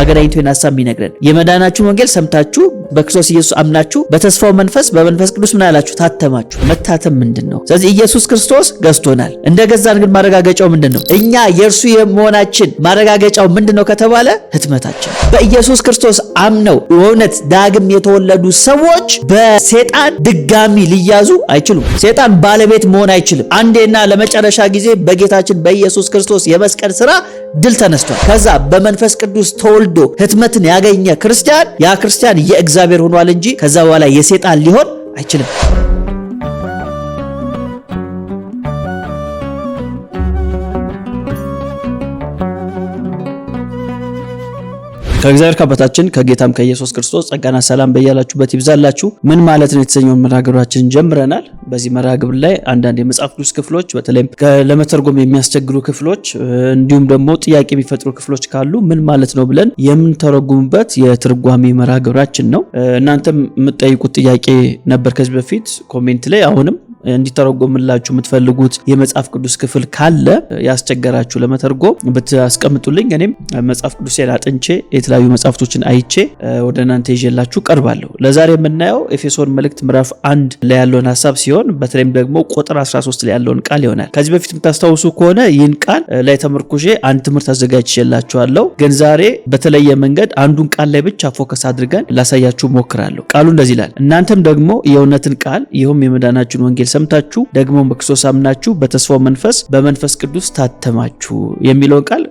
ሀገራዊቱን ሀሳብ የሚነግረን የመዳናችሁን ወንጌል ሰምታችሁ በክርስቶስ ኢየሱስ አምናችሁ በተስፋው መንፈስ በመንፈስ ቅዱስ ምን አላችሁ? ታተማችሁ። መታተም ምንድን ነው? ስለዚህ ኢየሱስ ክርስቶስ ገዝቶናል። እንደ ገዛን ግን ማረጋገጫው ምንድን ነው? እኛ የእርሱ የመሆናችን ማረጋገጫው ምንድን ነው ከተባለ ህትመታችን። በኢየሱስ ክርስቶስ አምነው እውነት ዳግም የተወለዱ ሰዎች በሴጣን ድጋሚ ሊያዙ አይችሉም። ሴጣን ባለቤት መሆን አይችልም። አንዴና ለመጨረሻ ጊዜ በጌታችን በኢየሱስ ክርስቶስ የመስቀል ስራ ድል ተነስቷል። ከዛ በመንፈስ ቅዱስ ተወልዶ ህትመትን ያገኘ ክርስቲያን ያ ክርስቲያን የእግዚአብሔር እግዚአብሔር ሆኗል እንጂ ከዛ በኋላ የሴጣን ሊሆን አይችልም። ከእግዚአብሔር ከአባታችን ከጌታም ከኢየሱስ ክርስቶስ ጸጋና ሰላም በያላችሁበት ይብዛላችሁ። ምን ማለት ነው የተሰኘውን መርሃ ጀምረናል። በዚህ መርሃ ግብር ላይ አንዳንድ የመጽሐፍ ቅዱስ ክፍሎች በተለይም ለመተርጎም የሚያስቸግሩ ክፍሎች፣ እንዲሁም ደግሞ ጥያቄ የሚፈጥሩ ክፍሎች ካሉ ምን ማለት ነው ብለን የምንተረጉምበት የትርጓሜ መርሃ ግብራችን ነው። እናንተም የምትጠይቁት ጥያቄ ነበር ከዚህ በፊት ኮሜንት ላይ አሁንም እንዲተረጎምላችሁ የምትፈልጉት የመጽሐፍ ቅዱስ ክፍል ካለ ያስቸገራችሁ ለመተርጎም ብታስቀምጡልኝ እኔም መጽሐፍ ቅዱስ አጥንቼ የተለያዩ መጽሐፍቶችን አይቼ ወደ እናንተ ይዤላችሁ ቀርባለሁ። ለዛሬ የምናየው ኤፌሶን መልእክት ምዕራፍ አንድ ላይ ያለውን ሀሳብ ሲሆን በተለይም ደግሞ ቁጥር 13 ላይ ያለውን ቃል ይሆናል። ከዚህ በፊት የምታስታውሱ ከሆነ ይህን ቃል ላይ ተመርኩሼ አንድ ትምህርት አዘጋጅቼላችኋለሁ። ግን ዛሬ በተለየ መንገድ አንዱን ቃል ላይ ብቻ ፎከስ አድርገን ላሳያችሁ ሞክራለሁ። ቃሉ እንደዚህ ይላል፣ እናንተም ደግሞ የእውነትን ቃል ይኸውም የመዳናችሁን ወንጌል ሰምታችሁ ደግሞ በክርስቶስ አምናችሁ በተስፋው መንፈስ በመንፈስ ቅዱስ ታተማችሁ የሚለውን ቃል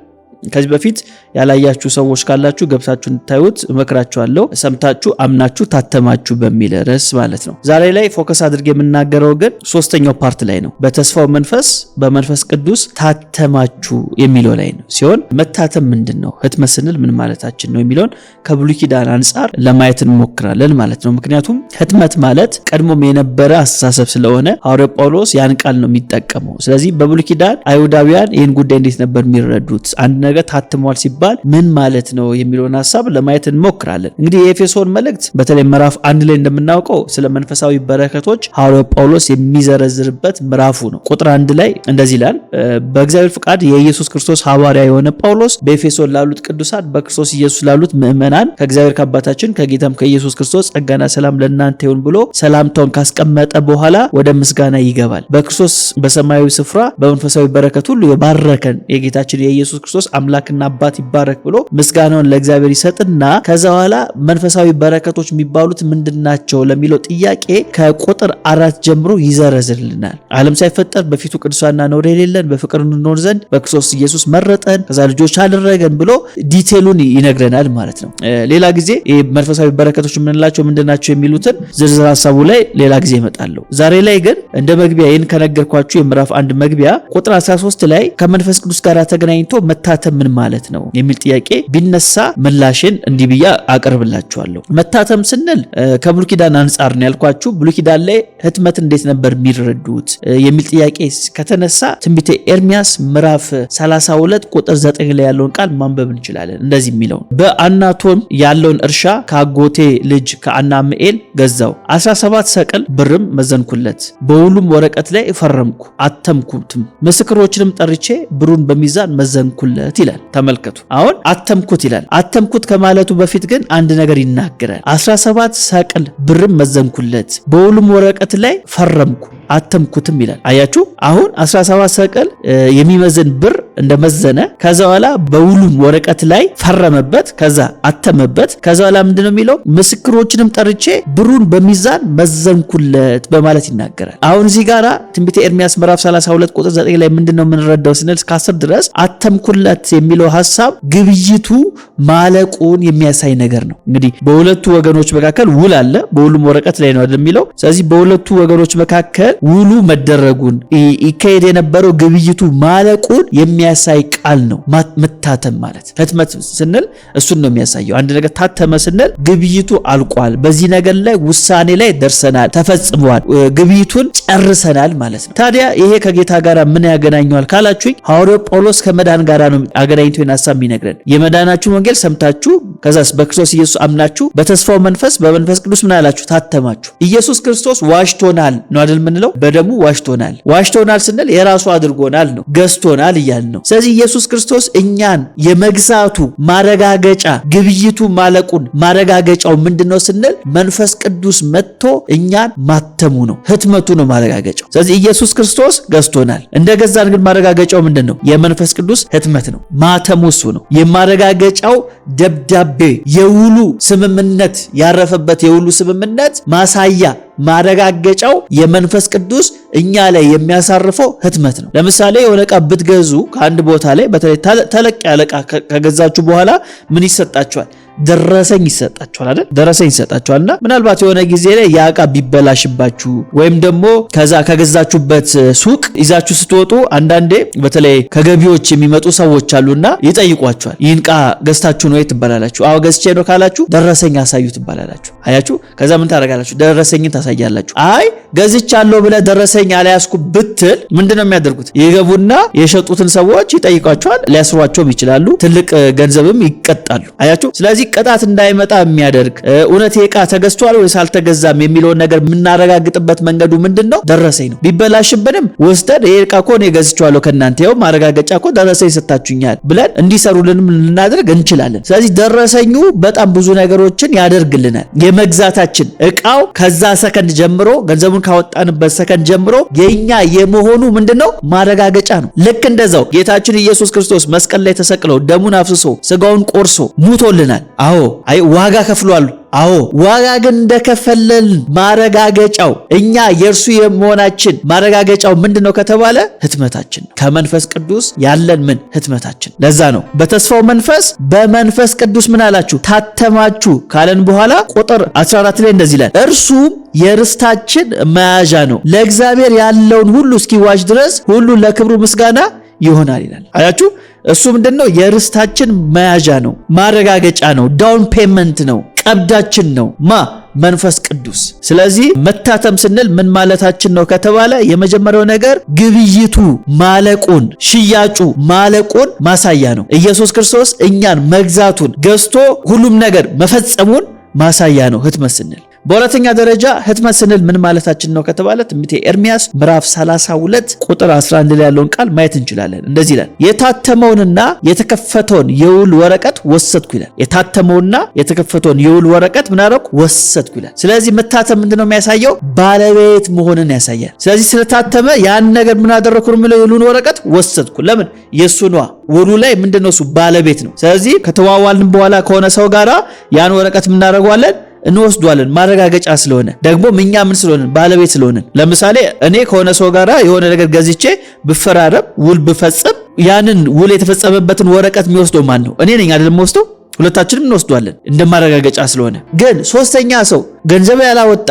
ከዚህ በፊት ያላያችሁ ሰዎች ካላችሁ ገብታችሁ እንድታዩት እመክራችኋለሁ። ሰምታችሁ አምናችሁ ታተማችሁ በሚል ርዕስ ማለት ነው። ዛሬ ላይ ፎከስ አድርጌ የምናገረው ግን ሶስተኛው ፓርት ላይ ነው። በተስፋው መንፈስ በመንፈስ ቅዱስ ታተማችሁ የሚለው ላይ ነው ሲሆን መታተም ምንድን ነው፣ ህትመት ስንል ምን ማለታችን ነው የሚለውን ከብሉይ ኪዳን አንጻር ለማየት እንሞክራለን ማለት ነው። ምክንያቱም ህትመት ማለት ቀድሞም የነበረ አስተሳሰብ ስለሆነ ሐዋርያው ጳውሎስ ያን ቃል ነው የሚጠቀመው። ስለዚህ በብሉይ ኪዳን አይሁዳውያን ይህን ጉዳይ እንዴት ነበር የሚረዱት? አንድ ነገር ታትሟል ሲባል ሲባል ምን ማለት ነው የሚለውን ሀሳብ ለማየት እንሞክራለን። እንግዲህ የኤፌሶን መልእክት በተለይ ምዕራፍ አንድ ላይ እንደምናውቀው ስለ መንፈሳዊ በረከቶች ሐዋርያው ጳውሎስ የሚዘረዝርበት ምዕራፉ ነው። ቁጥር አንድ ላይ እንደዚህ ይላል በእግዚአብሔር ፍቃድ የኢየሱስ ክርስቶስ ሐዋርያ የሆነ ጳውሎስ በኤፌሶን ላሉት ቅዱሳን በክርስቶስ ኢየሱስ ላሉት ምእመናን ከእግዚአብሔር ከአባታችን ከጌታም ከኢየሱስ ክርስቶስ ጸጋና ሰላም ለእናንተ ይሁን ብሎ ሰላምታውን ካስቀመጠ በኋላ ወደ ምስጋና ይገባል። በክርስቶስ በሰማያዊ ስፍራ በመንፈሳዊ በረከት ሁሉ የባረከን የጌታችን የኢየሱስ ክርስቶስ አምላክና አባት ይባል ይባረክ ብሎ ምስጋናውን ለእግዚአብሔር ይሰጥና ከዛ በኋላ መንፈሳዊ በረከቶች የሚባሉት ምንድን ናቸው ለሚለው ጥያቄ ከቁጥር አራት ጀምሮ ይዘረዝልናል። ዓለም ሳይፈጠር በፊቱ ቅዱሳና ነውር የሌለን በፍቅር እንኖር ዘንድ በክርስቶስ ኢየሱስ መረጠን ከዛ ልጆች አደረገን ብሎ ዲቴሉን ይነግረናል ማለት ነው። ሌላ ጊዜ መንፈሳዊ በረከቶች የምንላቸው ምንድን ናቸው የሚሉትን ዝርዝር ሀሳቡ ላይ ሌላ ጊዜ ይመጣለሁ። ዛሬ ላይ ግን እንደ መግቢያ ይህን ከነገርኳችሁ የምዕራፍ አንድ መግቢያ ቁጥር 13 ላይ ከመንፈስ ቅዱስ ጋር ተገናኝቶ መታተም ምን ማለት ነው የሚል ጥያቄ ቢነሳ ምላሽን እንዲህ ብያ አቀርብላችኋለሁ። መታተም ስንል ከብሉ ኪዳን አንጻር ነው ያልኳችሁ። ብሉ ኪዳን ላይ ህትመት እንዴት ነበር የሚረዱት የሚል ጥያቄ ከተነሳ ትንቢተ ኤርሚያስ ምዕራፍ 32 ቁጥር 9 ላይ ያለውን ቃል ማንበብ እንችላለን። እንደዚህ የሚለውን በአናቶም ያለውን እርሻ ከአጎቴ ልጅ ከአናምኤል ገዛው፣ 17 ሰቅል ብርም መዘንኩለት፣ በሁሉም ወረቀት ላይ ፈረምኩ አተምኩትም፣ ምስክሮችንም ጠርቼ ብሩን በሚዛን መዘንኩለት ይላል። ተመልከቱ። አሁን አተምኩት ይላል። አተምኩት ከማለቱ በፊት ግን አንድ ነገር ይናገራል። 17 ሰቅል ብርም መዘንኩለት፣ በውሉም ወረቀት ላይ ፈረምኩ አተምኩትም ይላል። አያችሁ አሁን 17 ሰቀል የሚመዝን ብር እንደመዘነ ከዛ በኋላ በውሉም ወረቀት ላይ ፈረመበት፣ ከዛ አተመበት። ከዛ በኋላ ምንድነው የሚለው ምስክሮችንም ጠርቼ ብሩን በሚዛን መዘንኩለት በማለት ይናገራል። አሁን እዚህ ጋራ ትንቢተ ኤርሚያስ ምዕራፍ 32 ቁጥር 9 ላይ ምንድነው የምንረዳው ስንል እስከ 10 ድረስ አተምኩለት የሚለው ሀሳብ ግብይቱ ማለቁን የሚያሳይ ነገር ነው። እንግዲህ በሁለቱ ወገኖች መካከል ውል አለ፣ በሁሉም ወረቀት ላይ ነው የሚለው። ስለዚህ በሁለቱ ወገኖች መካከል ውሉ መደረጉን ይካሄድ የነበረው ግብይቱ ማለቁን የሚያሳይ ቃል ነው። መታተም ማለት ህትመት ስንል እሱን ነው የሚያሳየው። አንድ ነገር ታተመ ስንል ግብይቱ አልቋል፣ በዚህ ነገር ላይ ውሳኔ ላይ ደርሰናል፣ ተፈጽሟል፣ ግብይቱን ጨርሰናል ማለት ነው። ታዲያ ይሄ ከጌታ ጋር ምን ያገናኘዋል ካላችሁኝ ሐዋርያው ጳውሎስ ከመዳን ጋር ነው አገናኝቶ ሀሳብ የሚነግረን የመዳናችሁን ወንጌል ሰምታችሁ ከዛስ በክርስቶስ ኢየሱስ አምናችሁ በተስፋው መንፈስ በመንፈስ ቅዱስ ምን አላችሁ ታተማችሁ። ኢየሱስ ክርስቶስ ዋሽቶናል ነው አይደል የምንለው የሚለው በደሙ ዋሽቶናል። ዋሽቶናል ስንል የራሱ አድርጎናል ነው፣ ገዝቶናል እያል ነው። ስለዚህ ኢየሱስ ክርስቶስ እኛን የመግዛቱ ማረጋገጫ ግብይቱ ማለቁን ማረጋገጫው ምንድን ነው ስንል መንፈስ ቅዱስ መጥቶ እኛን ማተሙ ነው፣ ህትመቱ ነው ማረጋገጫው። ስለዚህ ኢየሱስ ክርስቶስ ገዝቶናል። እንደ ገዛን ግን ማረጋገጫው ምንድን ነው? የመንፈስ ቅዱስ ህትመት ነው፣ ማተሙ እሱ ነው። የማረጋገጫው ደብዳቤ የውሉ ስምምነት ያረፈበት የውሉ ስምምነት ማሳያ ማረጋገጫው የመንፈስ ቅዱስ እኛ ላይ የሚያሳርፈው ህትመት ነው። ለምሳሌ የሆነ እቃ ብትገዙ ከአንድ ቦታ ላይ በተለይ ተለቅ ያለ እቃ ከገዛችሁ በኋላ ምን ይሰጣችኋል? ደረሰኝ ይሰጣቸዋል አይደል? ደረሰኝ ይሰጣቸዋል እና ምናልባት የሆነ ጊዜ ላይ ያ እቃ ቢበላሽባችሁ ወይም ደግሞ ከዛ ከገዛችሁበት ሱቅ ይዛችሁ ስትወጡ አንዳንዴ በተለይ ከገቢዎች የሚመጡ ሰዎች አሉና ይጠይቋቸዋል። ይህን እቃ ገዝታችሁ ነው ትባላላችሁ። አዎ ገዝቼ ነው ካላችሁ ደረሰኝ አሳዩ ትባላላችሁ። አያችሁ፣ ከዛ ምን ታደርጋላችሁ? ደረሰኝን ታሳያላችሁ። አይ ገዝቻለሁ ብለህ ደረሰኝ አልያዝኩ ብትል ምንድነው የሚያደርጉት? የገቡና የሸጡትን ሰዎች ይጠይቋቸዋል። ሊያስሯቸውም ይችላሉ። ትልቅ ገንዘብም ይቀጣሉ። አያችሁ፣ ስለዚህ ቅጣት እንዳይመጣ የሚያደርግ እውነት ይህ ተገዝቷል ወይስ አልተገዛም የሚለውን ነገር የምናረጋግጥበት መንገዱ ምንድን ነው? ደረሰኝ ነው። ቢበላሽብንም ወስደን ይህ ዕቃ እኮ እኔ ገዝቼዋለሁ ከእናንተ ያው ማረጋገጫ እኮ ደረሰኝ ሰጥታችሁኛል ብለን እንዲሰሩልንም ልናደርግ እንችላለን። ስለዚህ ደረሰኙ በጣም ብዙ ነገሮችን ያደርግልናል። የመግዛታችን እቃው ከዛ ሰከንድ ጀምሮ ገንዘቡን ካወጣንበት ሰከንድ ጀምሮ የኛ የመሆኑ ምንድን ነው ማረጋገጫ ነው። ልክ እንደዛው ጌታችን ኢየሱስ ክርስቶስ መስቀል ላይ ተሰቅለው ደሙን አፍስሶ ስጋውን ቆርሶ ሙቶልናል። አዎ አይ ዋጋ ከፍሏል። አዎ ዋጋ ግን እንደከፈለልን ማረጋገጫው እኛ የእርሱ የመሆናችን ማረጋገጫው ምንድን ነው ከተባለ ህትመታችን ነው። ከመንፈስ ቅዱስ ያለን ምን ህትመታችን። ለዛ ነው በተስፋው መንፈስ በመንፈስ ቅዱስ ምን አላችሁ ታተማችሁ ካለን በኋላ ቁጥር 14 ላይ እንደዚህ ይላል፣ እርሱም የርስታችን መያዣ ነው ለእግዚአብሔር ያለውን ሁሉ እስኪዋጅ ድረስ ሁሉ ለክብሩ ምስጋና ይሆናል ይላል። አያችሁ እሱ ምንድን ነው? የርስታችን መያዣ ነው፣ ማረጋገጫ ነው፣ ዳውን ፔመንት ነው፣ ቀብዳችን ነው ማ መንፈስ ቅዱስ። ስለዚህ መታተም ስንል ምን ማለታችን ነው ከተባለ የመጀመሪያው ነገር ግብይቱ ማለቁን፣ ሽያጩ ማለቁን ማሳያ ነው። ኢየሱስ ክርስቶስ እኛን መግዛቱን ገዝቶ ሁሉም ነገር መፈጸሙን ማሳያ ነው ህትመት ስንል በሁለተኛ ደረጃ ህትመት ስንል ምን ማለታችን ነው ከተባለ ትንቢተ ኤርሚያስ ምዕራፍ 32 ቁጥር 11 ላይ ያለውን ቃል ማየት እንችላለን። እንደዚህ ይላል፣ የታተመውንና የተከፈተውን የውል ወረቀት ወሰድኩ ይላል። የታተመውና የተከፈተውን የውል ወረቀት ምን አደረኩ? ወሰድኩ ይላል። ስለዚህ መታተም ምንድን ነው የሚያሳየው? ባለቤት መሆንን ያሳያል። ስለዚህ ስለታተመ ያን ነገር ምን አደረኩ የሚለው፣ የውሉን ወረቀት ወሰድኩ። ለምን? የእሱ ነዋ። ውሉ ላይ ምንድን ነው? እሱ ባለቤት ነው። ስለዚህ ከተዋዋልን በኋላ ከሆነ ሰው ጋራ ያን ወረቀት ምናደርገዋለን እንወስዷለን ማረጋገጫ ስለሆነ ደግሞ እኛ ምን ስለሆንን ባለቤት ስለሆነን ለምሳሌ እኔ ከሆነ ሰው ጋር የሆነ ነገር ገዝቼ ብፈራረም ውል ብፈጽም ያንን ውል የተፈጸመበትን ወረቀት የሚወስደው ማን ነው? እኔ ነኝ አይደለም ወስደው ሁለታችንም እንወስዷለን እንደማረጋገጫ ስለሆነ። ግን ሶስተኛ ሰው ገንዘብ ያላወጣ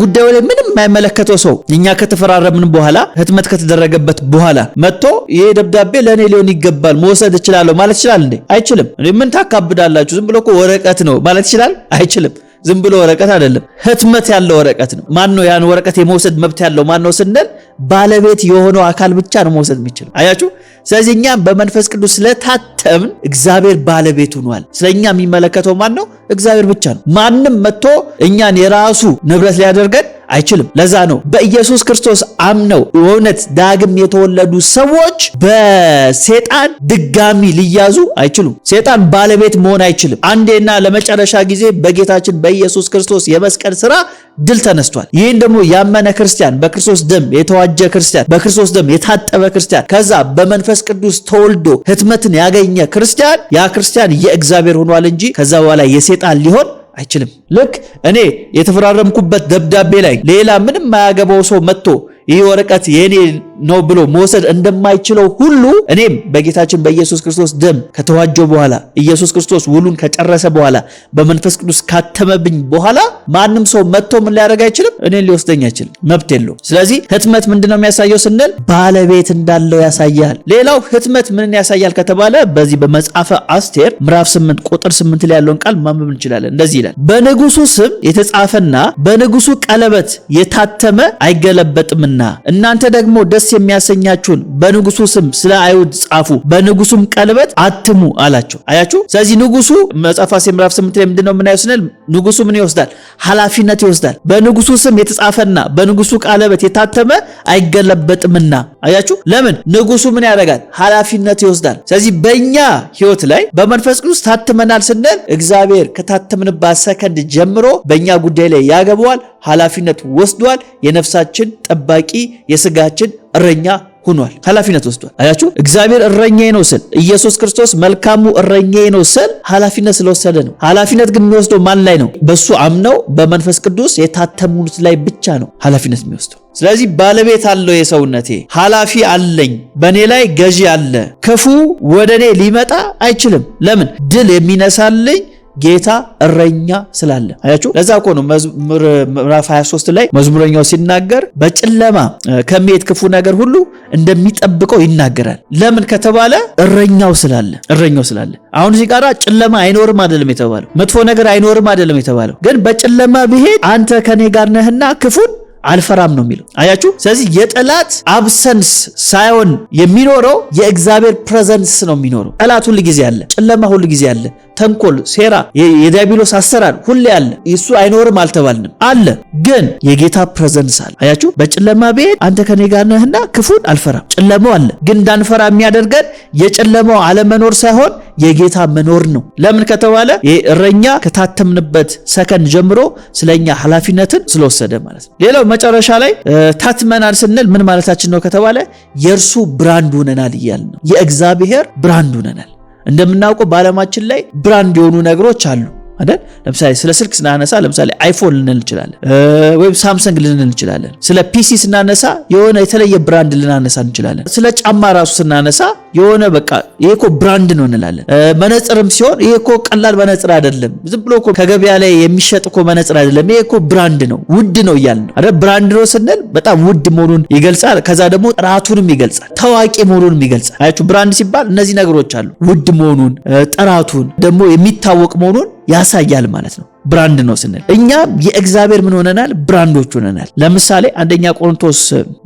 ጉዳዩ ላይ ምንም የማይመለከተው ሰው እኛ ከተፈራረምን በኋላ ህትመት ከተደረገበት በኋላ መጥቶ ይሄ ደብዳቤ ለእኔ ሊሆን ይገባል መውሰድ እችላለሁ ማለት ይችላል እንዴ? አይችልም። ምን ታካብዳላችሁ? ዝም ብሎ ወረቀት ነው ማለት ይችላል? አይችልም። ዝም ብሎ ወረቀት አይደለም፣ ህትመት ያለው ወረቀት ነው። ማን ነው ያን ወረቀት የመውሰድ መብት ያለው ማን ነው ስንል ባለቤት የሆነው አካል ብቻ ነው መውሰድ የሚችለው። አያችሁ። ስለዚህ እኛም በመንፈስ ቅዱስ ስለታተምን እግዚአብሔር ባለቤት ሆኗል። ስለኛ የሚመለከተው ማን ነው? እግዚአብሔር ብቻ ነው። ማንም መጥቶ እኛን የራሱ ንብረት ሊያደርገን አይችልም። ለዛ ነው በኢየሱስ ክርስቶስ አምነው እውነት ዳግም የተወለዱ ሰዎች በሴጣን ድጋሚ ሊያዙ አይችሉም። ሴጣን ባለቤት መሆን አይችልም። አንዴና ለመጨረሻ ጊዜ በጌታችን በኢየሱስ ክርስቶስ የመስቀል ስራ ድል ተነስቷል። ይህን ደግሞ ያመነ ክርስቲያን፣ በክርስቶስ ደም የተዋጀ ክርስቲያን፣ በክርስቶስ ደም የታጠበ ክርስቲያን፣ ከዛ በመንፈስ ቅዱስ ተወልዶ ህትመትን ያገኘ ክርስቲያን ያ ክርስቲያን የእግዚአብሔር ሆኗል እንጂ ከዛ በኋላ የሴጣን ሊሆን አይችልም። ልክ እኔ የተፈራረምኩበት ደብዳቤ ላይ ሌላ ምንም ማያገባው ሰው መጥቶ ይህ ወረቀት የኔ ነው ብሎ መውሰድ እንደማይችለው ሁሉ እኔም በጌታችን በኢየሱስ ክርስቶስ ደም ከተዋጀው በኋላ ኢየሱስ ክርስቶስ ውሉን ከጨረሰ በኋላ በመንፈስ ቅዱስ ካተመብኝ በኋላ ማንም ሰው መጥቶ ምን ሊያደርግ አይችልም፣ እኔን ሊወስደኝ አይችልም፣ መብት የለው። ስለዚህ ህትመት ምንድነው የሚያሳየው ስንል ባለቤት እንዳለው ያሳያል። ሌላው ህትመት ምንን ያሳያል ከተባለ በዚህ በመጽሐፈ አስቴር ምዕራፍ 8 ቁጥር 8 ላይ ያለውን ቃል ማንበብ እንችላለን። እንደዚህ ይላል፣ በንጉሱ ስም የተጻፈና በንጉሱ ቀለበት የታተመ አይገለበጥምና እናንተ ደግሞ ደስ የሚያሰኛችሁን በንጉሱ ስም ስለ አይሁድ ጻፉ፣ በንጉሱም ቀለበት አትሙ አላቸው። አያችሁ። ስለዚህ ንጉሱ መጽሐፈ አስቴር ምዕራፍ ስምንት ላይ ምንድነው የምናየው ስንል ንጉሱ ምን ይወስዳል? ኃላፊነት ይወስዳል። በንጉሱ ስም የተጻፈና በንጉሱ ቀለበት የታተመ አይገለበጥምና። አያችሁ። ለምን ንጉሱ ምን ያደርጋል? ኃላፊነት ይወስዳል። ስለዚህ በእኛ ህይወት ላይ በመንፈስ ቅዱስ ታትመናል ስንል እግዚአብሔር ከታተምንባት ሰከንድ ጀምሮ በእኛ ጉዳይ ላይ ያገባዋል፣ ኃላፊነት ወስዷል። የነፍሳችን ጠባቂ የስጋችን እረኛ ሆኗል ኃላፊነት ወስዷል። አያችሁ፣ እግዚአብሔር እረኛዬ ነው ስል ኢየሱስ ክርስቶስ መልካሙ እረኛዬ ነው ስል ኃላፊነት ስለወሰደ ነው። ኃላፊነት ግን የሚወስደው ማን ላይ ነው? በሱ አምነው በመንፈስ ቅዱስ የታተሙት ላይ ብቻ ነው ኃላፊነት የሚወስደው። ስለዚህ ባለቤት አለው የሰውነቴ፣ ኃላፊ አለኝ፣ በእኔ ላይ ገዢ አለ። ክፉ ወደ እኔ ሊመጣ አይችልም። ለምን? ድል የሚነሳልኝ ጌታ እረኛ ስላለ አያችሁ። ለዛ እኮ ነው መዝሙር ምዕራፍ 23 ላይ መዝሙረኛው ሲናገር በጨለማ ከሚሄድ ክፉ ነገር ሁሉ እንደሚጠብቀው ይናገራል። ለምን ከተባለ እረኛው ስላለ እረኛው ስላለ። አሁን እዚህ ጋር ጨለማ አይኖርም አይደለም የተባለው፣ መጥፎ ነገር አይኖርም አይደለም የተባለው። ግን በጨለማ ብሄድ አንተ ከኔ ጋር ነህና ክፉን አልፈራም ነው የሚለው አያችሁ። ስለዚህ የጠላት አብሰንስ ሳይሆን የሚኖረው የእግዚአብሔር ፕሬዘንስ ነው የሚኖረው። ጠላት ሁል ጊዜ አለ፣ ጨለማ ሁል ጊዜ አለ፣ ተንኮል፣ ሴራ፣ የዲያብሎስ አሰራር ሁሌ አለ። እሱ አይኖርም አልተባልንም፣ አለ። ግን የጌታ ፕሬዘንስ አለ። አያችሁ፣ በጨለማ ብሄድ አንተ ከኔ ጋር ነህና ክፉን አልፈራም። ጨለማው አለ፣ ግን እንዳንፈራ የሚያደርገን የጨለማው አለመኖር ሳይሆን የጌታ መኖር ነው። ለምን ከተባለ እረኛ ከታተምንበት ሰከንድ ጀምሮ ስለኛ ኃላፊነትን ስለወሰደ ማለት ነው። ሌላው መጨረሻ ላይ ታትመናል ስንል ምን ማለታችን ነው ከተባለ የእርሱ ብራንድ ሆነናል እያል ነው። የእግዚአብሔር ብራንድ ሆነናል። እንደምናውቀው በዓለማችን ላይ ብራንድ የሆኑ ነገሮች አሉ አይደል? ለምሳሌ ስለ ስልክ ስናነሳ ለምሳሌ አይፎን ልንል እንችላለን፣ ወይም ሳምሰንግ ልንል እንችላለን። ስለ ፒሲ ስናነሳ የሆነ የተለየ ብራንድ ልናነሳ እንችላለን። ስለ ጫማ ራሱ ስናነሳ የሆነ በቃ ይሄ እኮ ብራንድ ነው እንላለን። መነጽርም ሲሆን ይሄ እኮ ቀላል መነጽር አይደለም፣ ዝም ብሎ እኮ ከገበያ ላይ የሚሸጥ እኮ መነጽር አይደለም፣ ይሄ እኮ ብራንድ ነው፣ ውድ ነው እያልን ነው አይደል? ብራንድ ነው ስንል በጣም ውድ መሆኑን ይገልጻል። ከዛ ደግሞ ጥራቱንም ይገልጻል፣ ታዋቂ መሆኑንም ይገልጻል። አያችሁ፣ ብራንድ ሲባል እነዚህ ነገሮች አሉ፣ ውድ መሆኑን፣ ጥራቱን ደግሞ የሚታወቅ መሆኑን ያሳያል ማለት ነው። ብራንድ ነው ስንል እኛ የእግዚአብሔር ምን ሆነናል? ብራንዶች ሆነናል። ለምሳሌ አንደኛ ቆሮንቶስ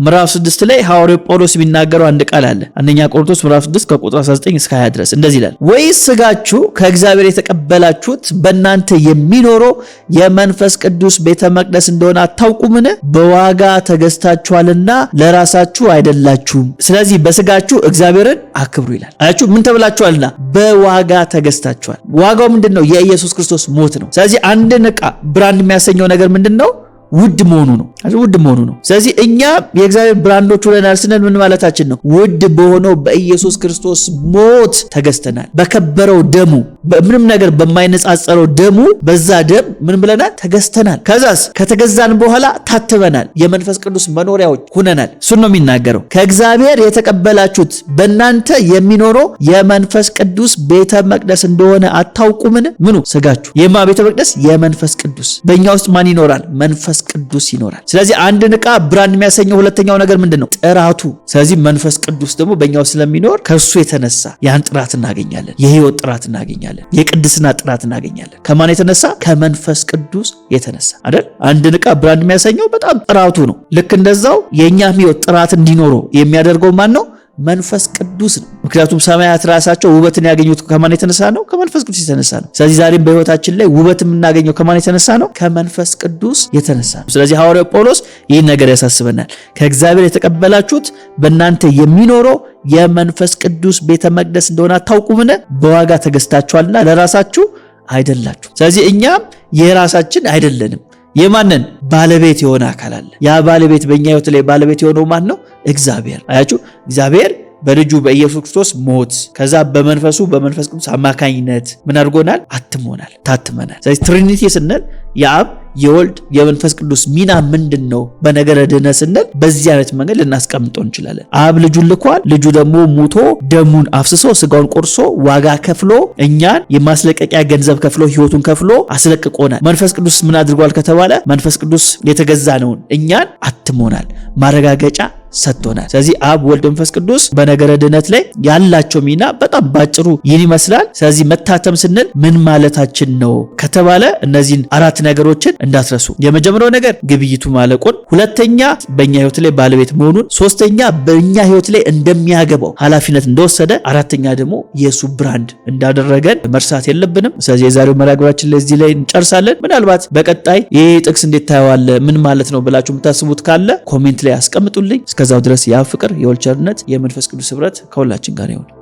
ምዕራፍ 6 ላይ ሐዋርያው ጳውሎስ የሚናገረው አንድ ቃል አለ። አንደኛ ቆሮንቶስ ምዕራፍ 6 ከቁጥር 19 እስከ 20 ድረስ እንደዚህ ይላል፣ ወይስ ስጋችሁ ከእግዚአብሔር የተቀበላችሁት በእናንተ የሚኖረው የመንፈስ ቅዱስ ቤተ መቅደስ እንደሆነ አታውቁምን? በዋጋ ተገዝታችኋልና ለራሳችሁ አይደላችሁም። ስለዚህ በስጋችሁ እግዚአብሔርን አክብሩ ይላል። አያችሁ ምን ተብላችኋልና? በዋጋ ተገዝታችኋል። ዋጋው ምንድን ነው? የኢየሱስ ክርስቶስ ሞት ነው። ስለዚህ አንድን ዕቃ ብራንድ የሚያሰኘው ነገር ምንድን ነው? ውድ መሆኑ ነው። ውድ መሆኑ ነው። ስለዚህ እኛ የእግዚአብሔር ብራንዶች ሆነናል ስንል ምን ማለታችን ነው? ውድ በሆነው በኢየሱስ ክርስቶስ ሞት ተገዝተናል። በከበረው ደሙ ምንም ነገር በማይነጻጸረው ደሙ በዛ ደም ምን ብለናል ተገዝተናል። ከዛስ ከተገዛን በኋላ ታትበናል። የመንፈስ ቅዱስ መኖሪያዎች ሁነናል። እሱን ነው የሚናገረው። ከእግዚአብሔር የተቀበላችሁት በእናንተ የሚኖረው የመንፈስ ቅዱስ ቤተ መቅደስ እንደሆነ አታውቁምን? ምኑ ስጋችሁ። የማ ቤተ መቅደስ የመንፈስ ቅዱስ። በእኛ ውስጥ ማን ይኖራል? መንፈስ ቅዱስ ይኖራል። ስለዚህ አንድን ዕቃ ብራንድ የሚያሰኘው ሁለተኛው ነገር ምንድን ነው? ጥራቱ። ስለዚህ መንፈስ ቅዱስ ደግሞ በእኛ ውስጥ ስለሚኖር ከእሱ የተነሳ ያን ጥራት እናገኛለን፣ የህይወት ጥራት እናገኛለን። እናገኛለን። የቅድስና ጥራት እናገኛለን። ከማን የተነሳ? ከመንፈስ ቅዱስ የተነሳ አይደል? አንድን ዕቃ ብራንድ የሚያሰኘው በጣም ጥራቱ ነው። ልክ እንደዛው የእኛም ሕይወት ጥራት እንዲኖረው የሚያደርገው ማን ነው? መንፈስ ቅዱስ ነው። ምክንያቱም ሰማያት ራሳቸው ውበትን ያገኙት ከማን የተነሳ ነው? ከመንፈስ ቅዱስ የተነሳ ነው። ስለዚህ ዛሬም በህይወታችን ላይ ውበት የምናገኘው ከማን የተነሳ ነው? ከመንፈስ ቅዱስ የተነሳ ነው። ስለዚህ ሐዋርያው ጳውሎስ ይህን ነገር ያሳስበናል። ከእግዚአብሔር የተቀበላችሁት በእናንተ የሚኖረው የመንፈስ ቅዱስ ቤተ መቅደስ እንደሆነ አታውቁምን? በዋጋ ተገዝታችኋልና ለራሳችሁ አይደላችሁ። ስለዚህ እኛም የራሳችን አይደለንም። የማንን ባለቤት የሆነ አካል አለ። ያ ባለቤት በእኛ ህይወት ላይ ባለቤት የሆነው ማን ነው? እግዚአብሔር። አያችሁ፣ እግዚአብሔር በልጁ በኢየሱስ ክርስቶስ ሞት ከዛ በመንፈሱ በመንፈስ ቅዱስ አማካኝነት ምን አድርጎናል? አትሞናል፣ ታትመናል። ስለዚህ ትሪኒቲ ስንል የአብ የወልድ የመንፈስ ቅዱስ ሚና ምንድን ነው? በነገረ ድነ ስንል በዚህ አይነት መንገድ ልናስቀምጠው እንችላለን። አብ ልጁን ልኳል። ልጁ ደግሞ ሙቶ ደሙን አፍስሶ ስጋውን ቆርሶ ዋጋ ከፍሎ እኛን የማስለቀቂያ ገንዘብ ከፍሎ ህይወቱን ከፍሎ አስለቅቆናል። መንፈስ ቅዱስ ምን አድርጓል ከተባለ መንፈስ ቅዱስ የተገዛ ነውን? እኛን አትሞናል። ማረጋገጫ ሰጥቶናል። ስለዚህ አብ ወልድ መንፈስ ቅዱስ በነገረ ድነት ላይ ያላቸው ሚና በጣም ባጭሩ ይህን ይመስላል። ስለዚህ መታተም ስንል ምን ማለታችን ነው ከተባለ እነዚህን አራት ነገሮችን እንዳትረሱ። የመጀመሪያው ነገር ግብይቱ ማለቁን፣ ሁለተኛ በእኛ ህይወት ላይ ባለቤት መሆኑን፣ ሶስተኛ በእኛ ህይወት ላይ እንደሚያገባው ኃላፊነት እንደወሰደ፣ አራተኛ ደግሞ የእሱ ብራንድ እንዳደረገን መርሳት የለብንም። ስለዚህ የዛሬው መራግብራችን ለዚህ ላይ እንጨርሳለን። ምናልባት በቀጣይ ይህ ጥቅስ እንዴት ታየዋለ ምን ማለት ነው ብላችሁ የምታስቡት ካለ ኮሜንት ላይ አስቀምጡልኝ እስከዛው ድረስ የአብ ፍቅር የወልድ ቸርነት የመንፈስ ቅዱስ ህብረት ከሁላችን ጋር ይሁን።